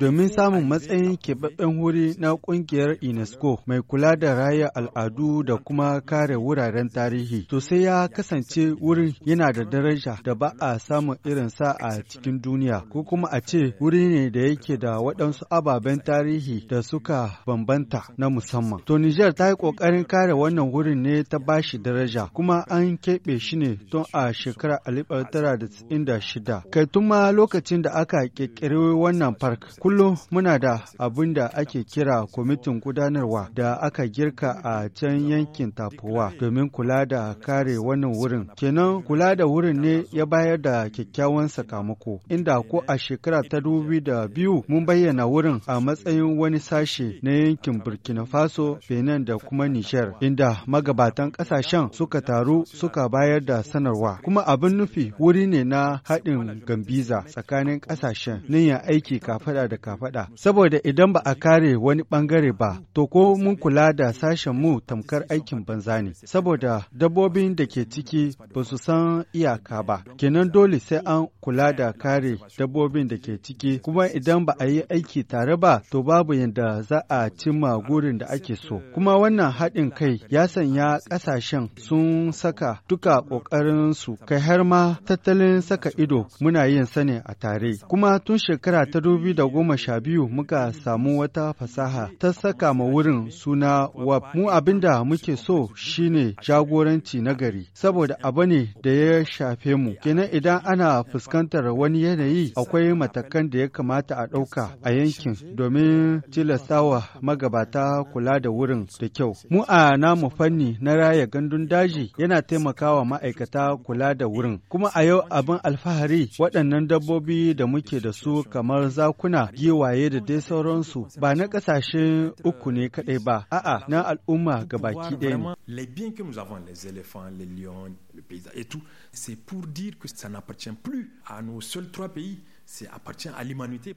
Domin samun matsayin keɓaɓɓen wuri na ƙungiyar UNESCO mai kula da raya al'adu da kuma kare wuraren tarihi, to sai ya kasance wurin yana da daraja da ba a samun sa a cikin duniya, ko kuma a ce wuri ne da yake da waɗansu ababen tarihi da suka bambanta na musamman. To Nijar ta yi ƙoƙarin kare wannan wurin ne ta ba shi daraja, kuma an keɓe shi ne tun a shekarar 1996. Kai tun ma lokacin da aka ƙirƙiri wannan park, kullum muna da abin da ake kira kwamitin gudanarwa da aka girka a can yankin tafuwa domin kula da kare wannan wurin. Kenan kula da wurin ne ya bayar da kyakkyawan sakamako, inda ko a shekara ta dubu da biyu mun bayyana wurin a matsayin wani sashe na yankin Burkina Faso, Benin da kuma Nijar, inda magabatan ƙasashen suka taru suka bayar da sanarwa. Kuma abin nufi wuri ne na haɗin Gambiza tsakanin ƙasashen ya aiki kafada da kafada saboda idan ba a kare wani bangare ba to ko mun kula da sashen mu tamkar aikin banza ne saboda dabbobin da ke ciki ba su san iyaka ba kenan dole sai an kula da kare dabbobin da ke ciki kuma idan ba a yi aiki tare ba to babu yadda za a cimma gurin da ake so kuma wannan haɗin kai ya sanya ƙasashen sun saka duka ƙoƙarinsu kai har ma tattalin saka ido muna yin sani a tare. Kuma tun shekara ta dubi da goma sha biyu muka samu wata fasaha ta saka ma wurin suna WAP. Mu abin da muke so shine jagoranci nagari, saboda abu ne da ya shafe mu. Kenan idan ana fuskantar wani yanayi akwai matakan da ya kamata a ɗauka a yankin domin tilastawa magabata kula da wurin da kyau. Mu a namu fanni na raya gandun daji yana taimakawa ma'aikata kula da wurin. Kuma a yau abin alfahari waɗannan dabbobi Les biens que nous avons, les éléphants, les lions, le paysage et tout, C'est pour dire que ça n'appartient plus à nos seuls trois pays, ça appartient à l'humanité.